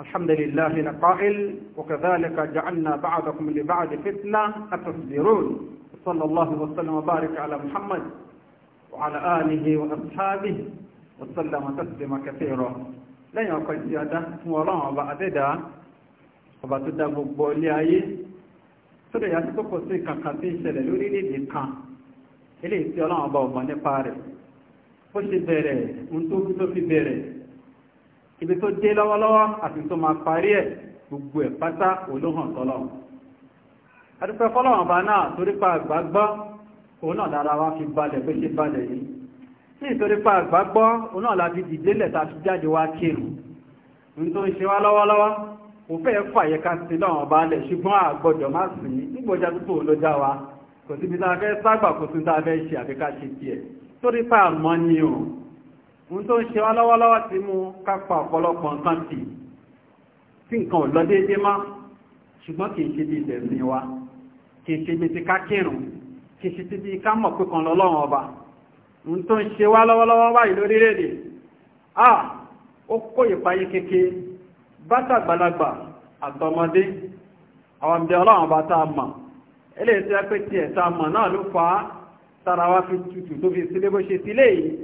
الحمد لله نقائل وكذلك جعلنا بعضكم لبعض فتنة أتصبرون صلى الله وسلم وبارك على محمد وعلى آله وأصحابه وسلم تسليما كثيرا لن يقل سيادة ولا بعد ذا وبعد ذا بقولي أي سورة يسوق سيكا كثير سلولي لديكا إليه سيولا أبا ومن فارس وشي بيري انتو كتو في بيري ibi tó dé lọ́wọ́lọ́wọ́ àti tó máa parí ẹ̀ gbogbo ẹ̀ pátá olóhàn tọ́lọ́run adúpẹ́ fọ́lọ́run bá náà torípa àgbàgbọ́ òun náà lára wá fi balẹ̀ pé ṣe balẹ̀ yìí sí ìtorípa àgbàgbọ́ òun náà láti dìdélẹ̀ ta fi jáde wá kírù ní tó ń ṣe wá lọ́wọ́lọ́wọ́ kò fẹ́ fàyẹ ká sí lọ́wọ́n bá lẹ̀ ṣùgbọ́n àgbọ́jọ má sì ní nígbọ́já púpọ̀ ló já wa kò síbi tá a fẹ́ ságbà kò sí tá a fẹ́ ṣe àfikà ṣe tiẹ̀ torípa àmọ́ ni o ń tó ń ṣe wá lọ́wọ́lọ́wọ́ ti mú kápa ọ̀pọ̀lọpọ̀ nǹkan tì tí nǹkan ò lọ déédé má ṣùgbọ́n kìí ṣe bí ilẹ̀ sí wa kìí ṣe bí ti ká kírun kìí ṣe ti bí ká mọ̀ pé kan lọ́lọ́run ọba ń tó ń ṣe wá lọ́wọ́lọ́wọ́ báyìí lórílẹ̀-èdè a ó kó ìpayé kéke bátàgbàlagbà àtọmọdé àwọn ìbí ọlọ́run ọba tá a mọ̀ eléyìí tí a pé tiẹ̀ tá a mọ̀ náà ló fà á tara wa fi tutù tó fi sílé bó ṣe sílé yìí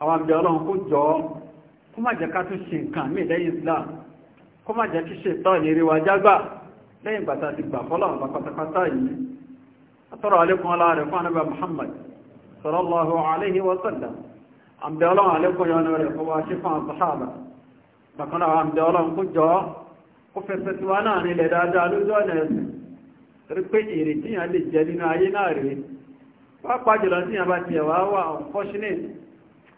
àwọn àbí ọlọ́run kó jọ kó má jẹ́ ká tún ṣe nǹkan mí lẹ́yìn islam kó má jẹ́ kí ṣe tọ́ ìlérí wa jágbà lẹ́yìn gbàtà ti gbà fọ́lọ́ àwọn pátápátá yìí atọ́rọ̀ alẹ́kùn ọlá tí wa lè jẹ nínú ayé náà rèé pápá jùlọ tíyàn bá tiẹ̀ wá wà unfortunate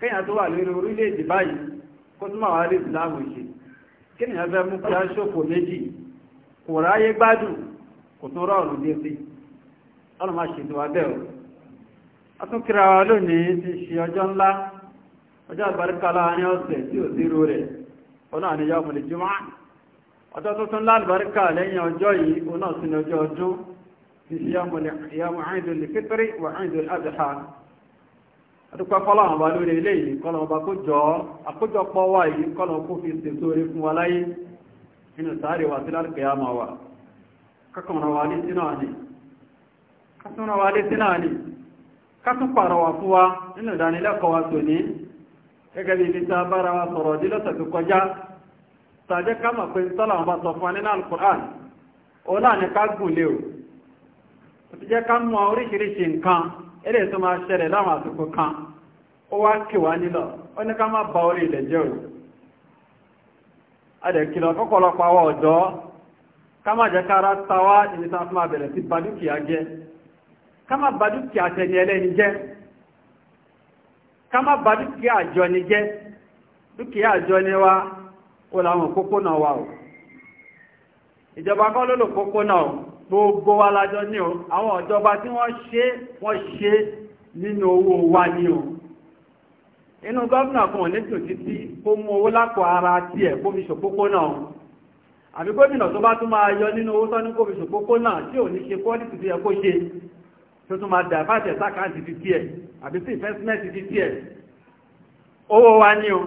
kéèyàn tó wà lórí orílẹ̀-èdè báyìí kó tún máa rí ìsìláàmù ṣe kéèyàn fẹ́ mú kíá ṣòfò méjì kò ráyé gbádùn kò tún rọ̀ ọ̀rùn létí ọ̀nà máa ṣètò abẹ́ ọ̀ a tún kíra wa lónìí ti ṣe ọjọ́ ńlá ọjọ́ àbáríkà láàrin ọ̀sẹ̀ tí ò zírò rẹ̀ ọ̀nà àníyàn ọmọdé jùmọ́ ọjọ́ tó tún lálùbáríkà lẹ́yìn ọjọ́ yìí ọ̀nà sí ọjọ́ ọdún ti ṣe ọmọdé ìyàmù àìdùn lè fítírì wà adúpẹ́ fọ́lọ́run wa lórí ilé yìí kọ́lọ̀ ọba kó jọ àkójọpọ̀ wa yìí kọ́lọ̀ kó fi ṣètò orí fún wa láyé inú sáré wa sí lálùkẹ́ yá máa wà kákanra wa ní sínú àní kásánra wa ní sínú àní kásán pààrọ̀ wà fún wa nínú ìdánilẹ́kọ̀ọ́ wa tòní gẹ́gẹ́ bí ibi tá a bára wa sọ̀rọ̀ dí lọ́sẹ̀ tó kọjá ilé tó máa ṣẹlẹ̀ láwọn kan ó wá kíwà nílọ ó ní ká má ba orí ilẹ̀ jẹ́ òun adẹ̀kìlọ̀ kọ́kọ́lọpọ̀ àwọn ọ̀dọ́ ká má jẹ́ kára tawá ibi fún abẹ̀rẹ̀ sí badúkìá jẹ́ ká má badúkìá tẹni ẹlẹ́ni jẹ́ ká má badúkìá àjọ jẹ́ dúkìá àjọ gbogbo wa lájọ́ ní o àwọn ọ̀jọba tí wọ́n ṣe wọ́n ṣe nínú owó wa ní o inú gọ́ọ̀nà kan ò ní tò títí kó mú owó lápò ara tí ẹ̀ kó fi ṣòpópó náà àbí gómìnà tó bá tún máa yọ nínú owó sọ́ní kó fi ṣòpópó náà tí ò ní ṣe pọ́lìtì tó yẹ kó ṣe tó tún máa dà fàtẹ̀ sákàǹtì ti tiẹ̀ àbí sí ìfẹ́símẹ́ǹtì ti tiẹ̀ owó wa ní o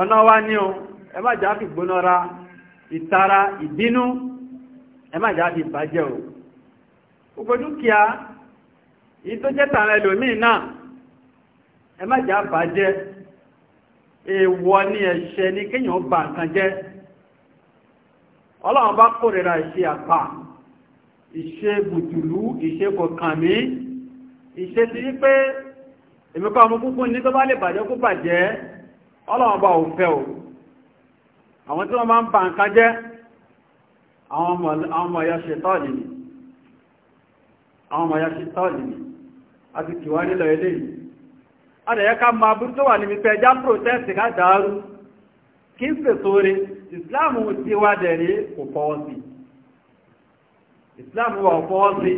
ọ̀nà wa ní o ẹ má jà fi gbónára ìtara ìbínú ẹ má ìbàjẹ́ o gbogbo dúkìá tó jẹ́ náà ẹ má bàjẹ́ èèwọ̀ ni ẹ̀ṣẹ̀ ni kíyàn bà nǹkan jẹ́ ọlọ́run bá kórìíra ìṣe àpá ìṣe bùtùlù ìṣe kọ̀kànmí ti rí pé ọmọ o àwọn tí wọ́n ń bà àwọn ọmọ ya ṣe tọ́ọ̀lì ni a ti nílọ ilé yìí a dẹ̀ yẹ ká ma bú tó wà níbi pẹjá protest ká dáárú kí n pèsò islam ti wá dẹ̀rẹ̀ kò fọwọ́ sí islam wà sí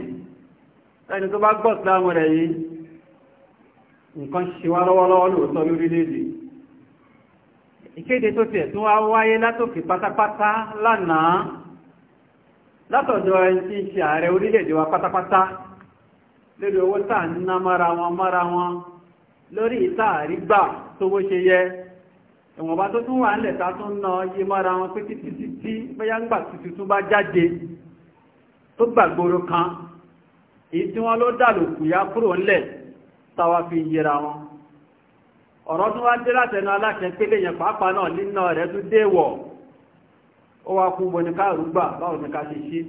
ẹni tó bá gbọ́ islam rẹ̀ yìí nǹkan ṣe wá lọ́wọ́lọ́wọ́ lóòótọ́ lórílẹ̀-èdè ìkéde tó tún wá wáyé látòkè pátápátá lánàá látọ̀dọ̀ ẹni tí ṣe ààrẹ orílẹ̀-èdè wa pátápátá lórí owó tàà ń mara wọn mara wọn lórí ìtaàrí gbà tó bó ṣe yẹ ìwọ̀nba tó tún wà ń lẹ̀ta yí mara wọn pé títí títí ń kan èyí tí wọ́n ló yá kúrò ńlẹ̀ táwa fi yẹra wọn ọ̀rọ̀ wá dé látẹnu aláṣẹ pélé yẹn pàápàá náà ó wá kú bọ̀ ní káàrùgbà báwọn ní ká ṣe ṣe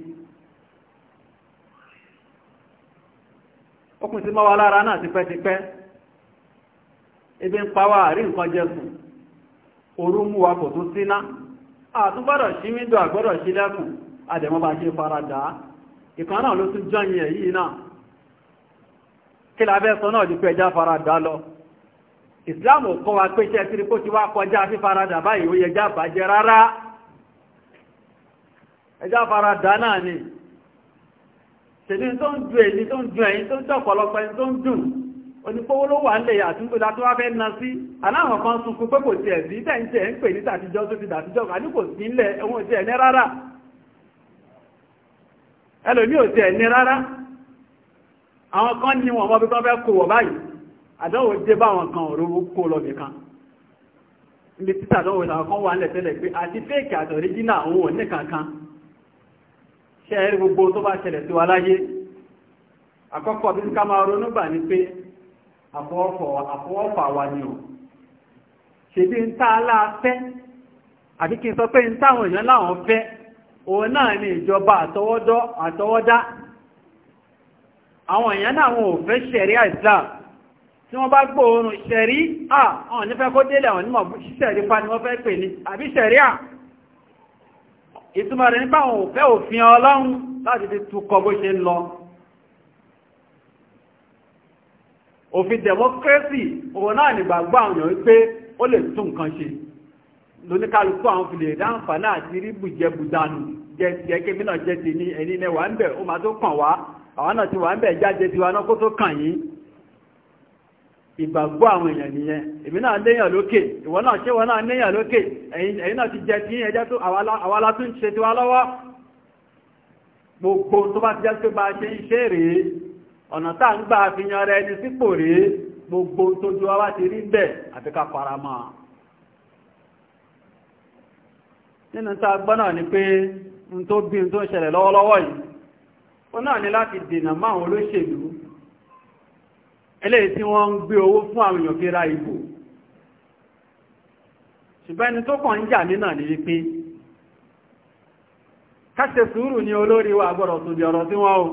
ọkùn sí mọ́wàá lára náà ti pẹ́tipẹ́ ebi ń pa wá nǹkan jẹsùn orú mú wa kò tún síná àtúgbọ́dọ̀ sí àgbọ́dọ̀ sí lẹ́kùn ṣe lọ kọ́ wa pé kó ti wá kọjá báyìí ẹjá fara dá náà ni tèmi tó ń dùn èyí tó ń dùn èyí tó ń dùn ọ̀pọ̀lọpọ̀ ẹni tó ń dùn onípowó ló wà nílẹ̀ àtúntò na sí aláwọ̀ kan sunkún pé kò tiẹ̀ sí tẹ̀ ń tẹ̀ ń pè ní tàtijọ́ tó ti dàtijọ́ àní kò sí nílẹ̀ ẹ̀wọ̀n tiẹ̀ ní rárá ẹlòmí ò tiẹ̀ ní rárá àwọn kan ní wọn mọ́bí lọ nìkan ibi títà kan wà nílẹ̀ tẹ́lẹ̀ pé àti fẹ́ẹ̀kì àtọ̀ríjínà òun ní ṣe ẹ̀rí gbogbo tó bá ṣẹlẹ̀ sí wa láyé àkọ́kọ́ bí ká máa ronú bà ní pé àfọwọ́fà wa ni ò ṣe bí ń kí n sọ pé ń táwọn èèyàn láwọn fẹ́ ni ìjọba àtọwọ́dá àwọn èèyàn náà wọn ò fẹ́ Islam tí wọ́n bá gbo ṣẹ̀rí à ọ̀n nífẹ́ kó délẹ̀ àwọn onímọ̀ ṣẹ̀rí pa ni wọ́n fẹ́ pè ní àbí ṣẹ̀rí à ìtumọ̀ rẹ̀ nípa òun fẹ́ òfin ọlọ́run láti fi tukọ bó ṣe ń lọ òfin democracy òun náà nígbàgbọ́ àwọn èèyàn wípé ó lè tún nǹkan ṣe lóníkàlùkù àwọn fi lè dáǹfà náà ti rí bùjẹbùdánù jẹ ti ẹgbẹ́ mìíràn jẹ ti ní ẹni ilẹ̀ wà ń bẹ̀ ó máa tó kàn wá àwọn náà ti wà ń bẹ̀ jáde tiwa náà kó tó kàn yín ìgbàgbọ́ àwọn èèyàn nìyẹn èmi náà léyàn lókè ìwọ náà ṣé wọ́n náà léyàn lókè ẹ̀yin náà ti jẹ tí ẹjẹ́ tó àwálá tún ṣe tí wá lọ́wọ́ gbogbo tó bá ti jẹ́ tó bá ṣe ń ṣe rèé ọ̀nà tá ń gbà àfihàn rẹ ẹni sípò rèé gbogbo tó ju wá ti rí bẹ́ẹ̀ àti ká fara mọ́ nínú tá a gbọ́ náà ni pé n tó bí n tó ń ṣẹlẹ̀ lọ́wọ́lọ́wọ́ yìí ó náà ní láti dènà máwọn olóṣèlú eléyìí tí wọ́n ń gbé owó fún àwọn èèyàn fi ìbò ṣùgbọ́n ẹni tó kàn ń jà nínà ní wípé káṣe sùúrù ní olórí tó di ọ̀rọ̀ tí wọ́n o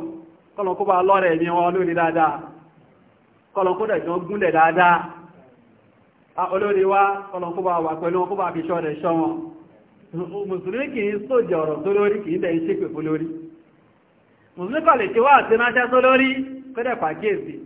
kọ́lọ̀kó bá lọ́rẹ̀ ní wọn olórí dáadáa kọ́lọ̀kó dẹ̀ jọ gúnlẹ̀ dáadáa olórí wa bá wà pẹ̀lú wọn kó bá fi ṣọ́ ṣọ́ wọn mùsùlùmí kì í ọ̀rọ̀ tó lórí kì í dẹ̀ ṣépè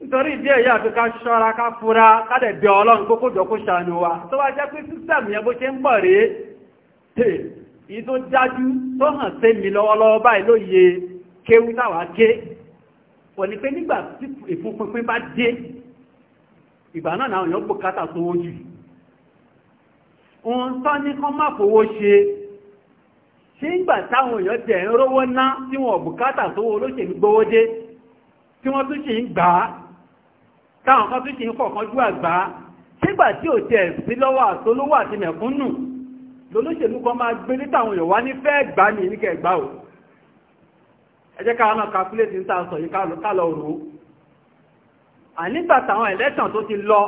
nítorí ìdí ẹ̀yà àti ká ṣọ́ra ká fura kádẹ̀ bí ọlọ́run kókó jọ kó ṣàánú wa tó wá jẹ́ pé sísẹ̀mù bó ṣe ń bọ̀ rí tè tó dájú tó hàn sí mi lọ́wọ́lọ́wọ́ báyìí ń gbà táwọn èèyàn tẹ̀ ń rówó ná tí wọ́n bùkátà tó wó táwọn kan tún ṣe ń kọ̀ọ̀kan jú àgbà sígbà tí ò tẹ̀ sí lọ́wọ́ àtolówó àti mẹ̀kúnnù lolóṣèlú kan máa gbé nítàwọn èèyàn wá ní fẹ́ gbà ní ìníkẹ̀ gbà ò ẹ jẹ́ káwọn náà kàkúlẹ̀tì ń ta sọ yìí kálọ̀ rò ó ànígbà táwọn ẹ̀lẹ́tàn tó ti lọ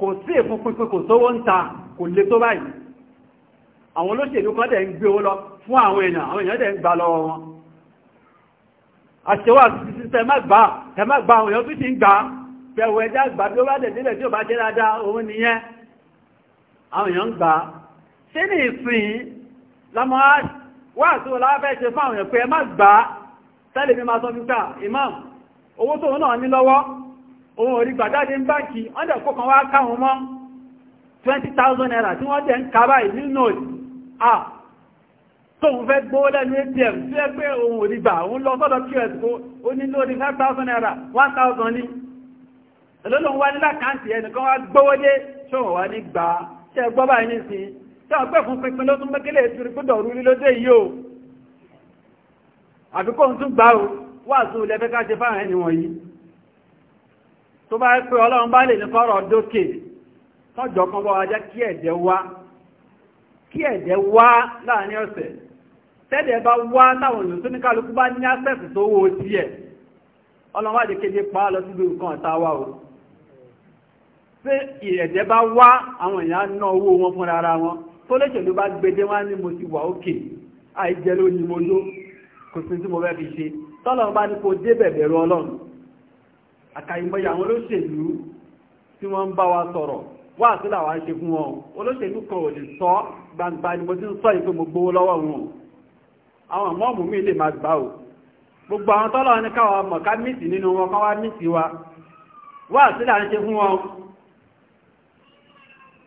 kò sí èfún pínpín kò sówó ń ta kò lè tó báyìí àwọn olóṣèlú kan dẹ̀ ń gbé owó lọ fún àwọn èèyàn àwọn èèyàn dẹ̀ ń gbà lọ́wọ́ wọn àṣewà sísẹ má gbà ẹ má gbà àwọn èèyàn tó ti ń gbà á kẹwẹ̀ ẹjá gbà bí ó bá tẹ̀sílẹ̀ tí ó bá jẹ́ dáadáa òun nìyẹn àwọn èèyàn gbà ṣé ní ìsìn lọ́mọ wà tó láfẹ́ ṣe fún àwọn èèyàn pé ẹ má gbà tẹ́lẹ̀ mi máa sọ fífà imam owó tóun naira tí wọ́n fẹ́ gbówó lẹ́nu ATM tí ẹ pé òun ò òun lọ sọ́dọ̀ POS kó ó ní lórí 5,000 naira 1,000 ní ẹlọ́lọ́ wá nílá káàntì ẹnìkan wá gbọ́wọ́dé ṣọ́wọ́ wá ní gbà ṣe gbọ́bà ní sí tí a pẹ́ fún pínpín ló tún mẹ́kẹ́lẹ̀ ìtúrí pín dọ̀rú ní lóde yìí o àbíkó ń tún gbà o wà tún ilẹ̀ fẹ́ ká ṣe fáwọn ẹni wọ̀nyí tó bá pé ọlọ́run bá lè ní kọ́rọ̀ dókè tọ́jọ́ kan wá lè kéde pa á lọ síbi nǹkan ọ̀tá wa o pé ìrẹ̀jẹ̀ bá wá àwọn èèyàn ná owó wọn fún ara wọn tó lóṣèlú bá gbede wá ní mo ti wà òkè àìjẹ́ ló ni mo ló kò sí tí mo bẹ́ fi ṣe tọ́lọ́run bá ní kó ọlọ́run àwọn olóṣèlú tí wọ́n ń bá wa sọ̀rọ̀ wá sí làwọn ṣe fún wọn olóṣèlú kan ò lè sọ gbangba ni mo ti ń sọ yìí pé mo gbowó lọ́wọ́ wọn àwọn mọ́ọ̀mù mi lè máa gbà gbogbo àwọn ní káwọn mọ̀ ká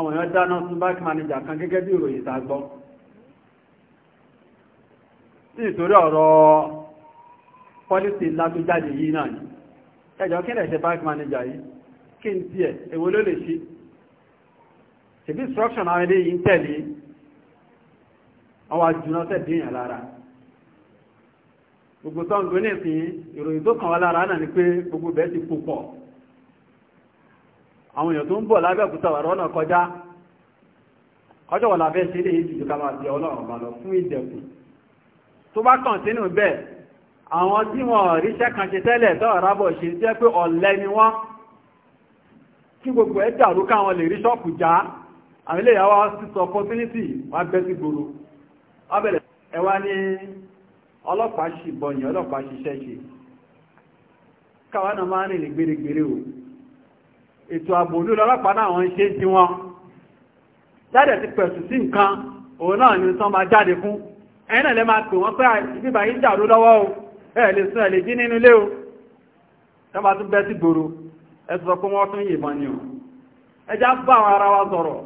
àwọn èèyàn dáná sí bank manager kan gẹ́gẹ́ bí ìròyìn ìtagbọ́ sí ìtorí ọ̀rọ̀ pọ́lísì ńlá tó jáde yìí náà ni ẹjọ́ kí lẹ̀ ṣe bank manager yìí kí n èwo ló lè ṣe instruction àwọn ń tẹ̀lé èèyàn lára gbogbo tó ń ìròyìn tó kàn wá lára náà ni pé gbogbo bẹ́ẹ̀ ti àwọn èèyàn tó ń bọ̀ lábẹ́kútà ọ̀rọ̀ náà kọjá ọjọ́ wọ̀n láfẹ́ sí ilé ìjìjú ká máa bí ọlọ́run bá lọ fún ìdẹ̀kùn tó bá kàn sínú bẹ́ẹ̀ àwọn tí wọ́n ríṣẹ́ kan ṣe tẹ́lẹ̀ tọ́ ọ̀rábọ̀ ṣe jẹ́ pé ọ̀lẹ ni wọ́n kí gbogbo ẹ̀ dàrú káwọn lè rí ṣọ́ọ̀pù já àwọn ilé ìyàwó sísọ opportunity wá bẹ́ sí gbòòrò ọbẹ̀rẹ̀ ẹ wá ní ọlọ́pàá ṣìbọnyìn ọlọ́pàá ṣiṣẹ́ ṣe káwọn náà máa rìn gbèrègbèrè o ètò àbòlú lọ́lọ́pàá náà wọ́n ṣe sí wọn jáde ti pẹ̀sù sí nǹkan òun náà ni tán máa jáde fún ẹ̀yìn náà lẹ máa pè wọ́n pé bíbà yí dàrú lọ́wọ́ o ẹ̀ lè sún ẹ̀ lè jí nínú ilé o tán bá tún bẹ́ sí gbòòrò ẹ sọ pé wọ́n tún yìnbọn ni o ẹjá bá àwọn ara wa sọ̀rọ̀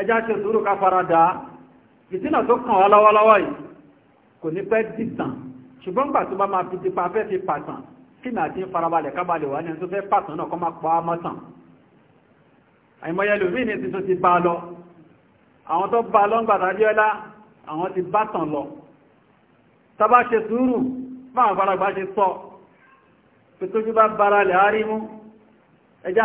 ẹjá ṣe sùúrù ká fara dà á ìtìnà tó kàn wá lọ́wọ́lọ́wọ́ yìí kò ní pẹ́ dìtàn ṣùgbọ́n gbà tó bá máa fi tipa fẹ́ fi kí ní àti farabalẹ̀ kábalẹ̀ wà ní ẹni tó fẹ́ pàtàn náà kọ́ máa pa mọ́tàn àìmọye lòmí ní ti tó ti bá lọ àwọn tó bá lọ ń gbàtà jẹ́lá àwọn ti bá tàn lọ tàbá ṣe sùúrù máa faragbá ṣe sọ pé tójú bá baralẹ̀ árímú ẹjá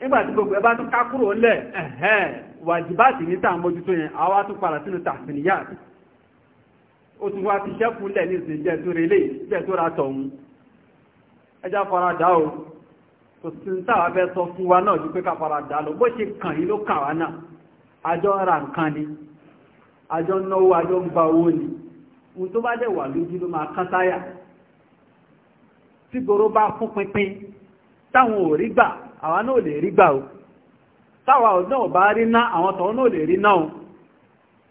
nígbàtí gbogbo ẹbá tún ká kúrò lẹ̀ ẹ̀hẹ́ wàjìbáàtì ní tàà yẹn àwa tún padà sínú ó tún wá ti ṣẹ́kù lẹ̀ ní ìsìn jẹ́ relé ra tọ̀hún ẹjá fara o kò sí ń fẹ́ sọ fún wa náà ju ká fara kàn ló kàn wá náà ra nǹkan ni àjọ náwó àjọ ń gba owó ni ohun tó wà lójú ló máa kán táyà tí bá fún àwa náà lè rí gbà o táwa náà bá rí ná àwọn tọ́ náà lè rí náà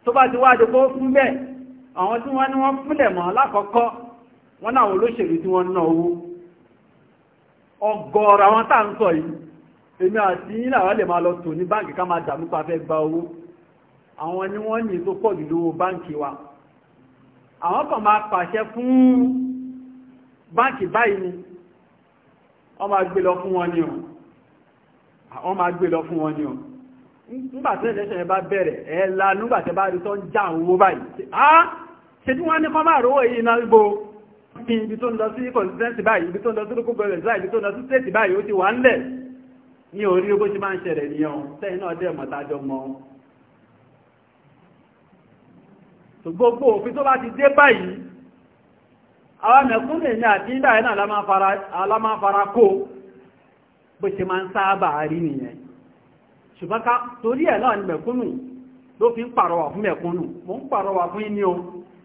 tó bá ti wájú kó fún bẹ́ẹ̀ àwọn tí wọ́n ní wọ́n fúnlẹ̀ mọ́ lákọ̀ọ́kọ́ wọ́n náà olóṣèlú tí wọ́n ná owó ọgọ́ọ̀rọ̀ àwọn tá ń sọ yìí èmi àti yínlẹ̀ àwọn lè máa lọ tò ní báǹkì ká máa dàmú pa fẹ́ gba owó àwọn ni wọ́n ní tó pọ̀ jù lówó báǹkì wa àwọn kan máa pàṣẹ fún báǹkì báyìí ni wọ́n máa gbé lọ fún wọn ni ọ̀hún àwọn máa gbé lọ fún wọn ni o nígbàtí ẹ̀ṣẹ̀ bá bẹ̀rẹ̀ ẹ̀là nígbàtí bá rí tó ń já àwọn owó báyìí ah ṣe tí wọ́n ní kọ́ máa rówó èyí náà gbó ibi tó ń lọ sí consistency báyìí ibi tó ń lọ sí local government ibi tó ń lọ sí state báyìí ó ti wà ń lẹ̀ ní orí ogó ṣe máa ń ṣẹlẹ̀ ní ọ̀hún sẹ́yìn náà dẹ̀ mọ̀tájọ́ mọ́ gbogbo òfin tó bá ti dé báyìí àwọn mẹ̀kúnnì ní àti ìgbà yẹn náà la máa fara kó bó ṣe máa ń sáábà rí nìyẹn ṣùgbọ́n ká torí ẹ̀ náà ni mẹ̀kúnnù ló fi ń pàrọwà fún mẹ̀kúnnù mo ń pàrọwà fún yín o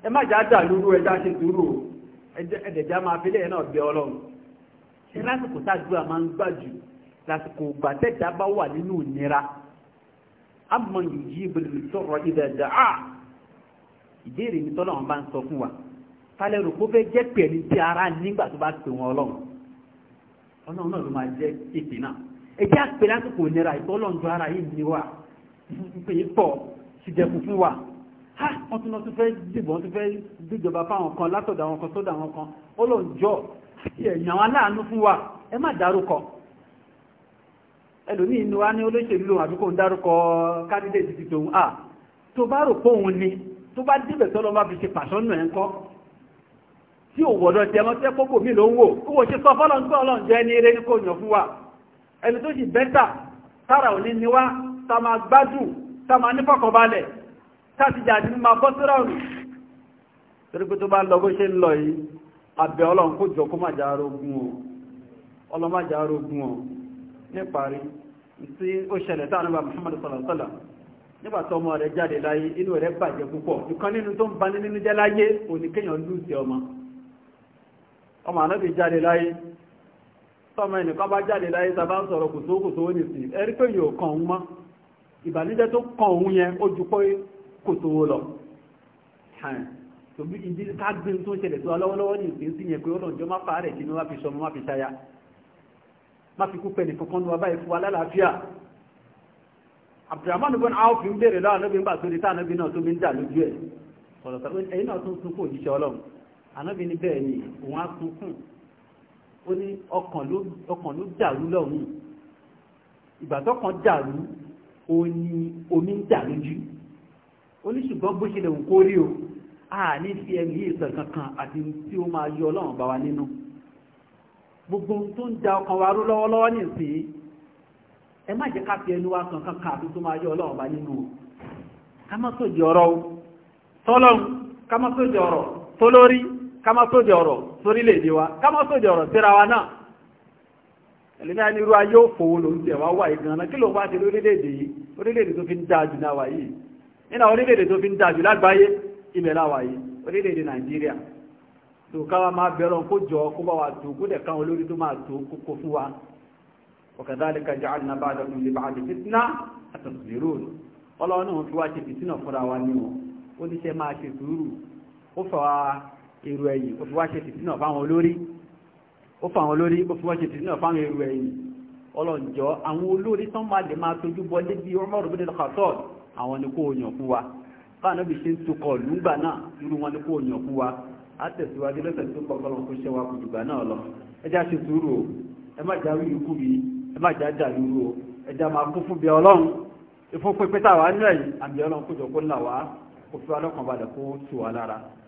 ẹ má jà dà ẹja ṣe dúró ẹ̀dẹ̀já máa fi lẹ́yìn náà bẹ ọlọ́run ṣe lásìkò máa ń gbà jù lásìkò gbàtẹ́jà bá wà nínú ìnira à ìbéèrè mi bá ń sọ fún wa tálẹ́rù kó fẹ́ jẹ́ pẹ̀lú ti ara nígbà tó bá pè wọn ọlọ́run náà ló máa jẹ́ ìpè náà ẹjẹ́ àpè lásìkò nira ìtọ́lọ́njọ́ ara yìí ni wà ìpè pọ̀ ṣìjẹ̀kù fún wa ha wọ́n tún lọ tún fẹ́ dìbò wọ́n tún fẹ́ díjọba fáwọn kan látọ̀dọ̀ àwọn kan sọ́dọ̀ àwọn kan ọlọ́njọ́ ẹ̀yàn aláàánú fún wa ẹ má dárúkọ ẹlòmíín ni wá ní olóṣèlú lòun àbíkò ń dárúkọ candidate ti tòun à tó bá rò pé òun ni tó bá dìbẹ̀ tọ́lọ́ bá fi ṣe pàṣọ́nù ẹ̀ ń kọ́ tí ò wọ̀dọ̀ jẹ mọ́ tẹ́ kókò mí ló ń wò ó wò ṣe sọ fọ́lọ́n tó ọlọ́n jẹ́ ní eré ní kò yàn fún wa ẹni tó sì bẹ́tà tára òní ni wá ta máa gbádùn ta máa ní fọkànbalẹ̀ káàtì jà ní máa bọ́ síra òní torí pé tó bá lọ bó ṣe ń lọ yìí abẹ ó ṣẹlẹ̀ táwọn ọba sọ̀rọ̀sọ̀lá nígbà ọmọ rẹ̀ jáde láyé inú rẹ̀ bàjẹ́ púpọ̀ ìkan nínú tó ń bani nínú jẹ́ láyé òní kéèyàn lùsì ọmọ ọmọ ànábì jáde láyé tọ́mọ ẹnìkan bá jáde láyé tàbá ń sọ̀rọ̀ kòsókòsó ní sí ẹ̀rí pé yóò kàn òun mọ́ ìbànújẹ́ tó kàn òun yẹn ó ju pé kòsówó lọ tòbí ìdí kágbín tó ṣẹlẹ̀ tó alọ́wọ́lọ́wọ́ ní ìsìn sí yẹn pé ọlọ́njọ́ má fà rẹ̀ kí ni wọ́n fi sọmọ má fi ṣaya má fi kú pẹ̀lú kankan ní wọn báyìí fún wa lálàáfíà abdulrahman bin awf ń béèrè lọ́wọ́ anábì ń bà tó di tá anábì náà tó bí ń dà lójú ẹ̀ ọ̀rọ̀ sọ pé ẹ̀yin náà tún sunkún òjíṣẹ́ ọlọ́run ànábì ní ni òun á sunkún ó ní ọkàn ló dàrú lọ́hùn ìgbà tọkàn dàrú ó ní omi ń dà lójú ó ní ṣùgbọ́n bó ṣe lè wù kó rí o àní fi ẹ̀mí ìsàn kankan àti tí ó máa yọ ọlọ́run bá wa nínú gbogbo tó ń da ọkàn wa rú lọ́wọ́lọ́wọ́ nìsín ẹ má jẹ́ ká fi ẹnu wa kankan kan àti tó máa yọ ọlọ́run bá nínú o ká má sòdì ọ̀rọ̀ o tọ́lọ́run ká má sòdì ọ̀rọ̀ tólórí ká má sóde ọ̀rọ̀ sórílẹ̀-èdè wa ká má sóde ọ̀rọ̀ síra wa náà ẹ̀lẹ́dá ní irú ayé òfòwò ló ń tẹ̀ wá wà ìgbàna kí ló wá ti lórílẹ̀-èdè yìí orílẹ̀-èdè tó fi ń dáa jù náà wà yìí nínú orílẹ̀-èdè tó fi ń dáa jù lágbàáyé ilẹ̀ láwà yìí orílẹ̀-èdè Nàìjíríà tó káwa máa bẹ̀rọ̀ kó jọ kó bá wa tó kó dẹ̀ káwọn olórí tó máa tó kókó fún wa وكذلك جعلنا بعدكم لبعض فتنة أتصبرون ọlọ́run náà fi wá ṣe fìtínà fúnra wa èrò ẹ̀yìn ó fi wá ṣe tìtínà fáwọn olórí ó fáwọn olórí ó fi wá ṣe tìtínà fáwọn èrò ẹ̀yìn ọlọ́njọ́ àwọn olórí tán máa lè máa tójú bọ́ débi Umar bin al-Khattab àwọn ni kó yàn fún wa fáànà bí ṣe ń tukọ̀ lúgbà náà irú wọn ni kó yàn fún wa á tẹ̀síwájú lọ́sẹ̀ tó pọ̀ kọ́lọ̀ kó ṣe wa kù jùgbà náà lọ ẹjá ṣe sùúrù o ìfún pípẹ́ táwa ń rẹ̀ àmì ọlọ́run kó ńlá wa kó fi wa kó tù wa lára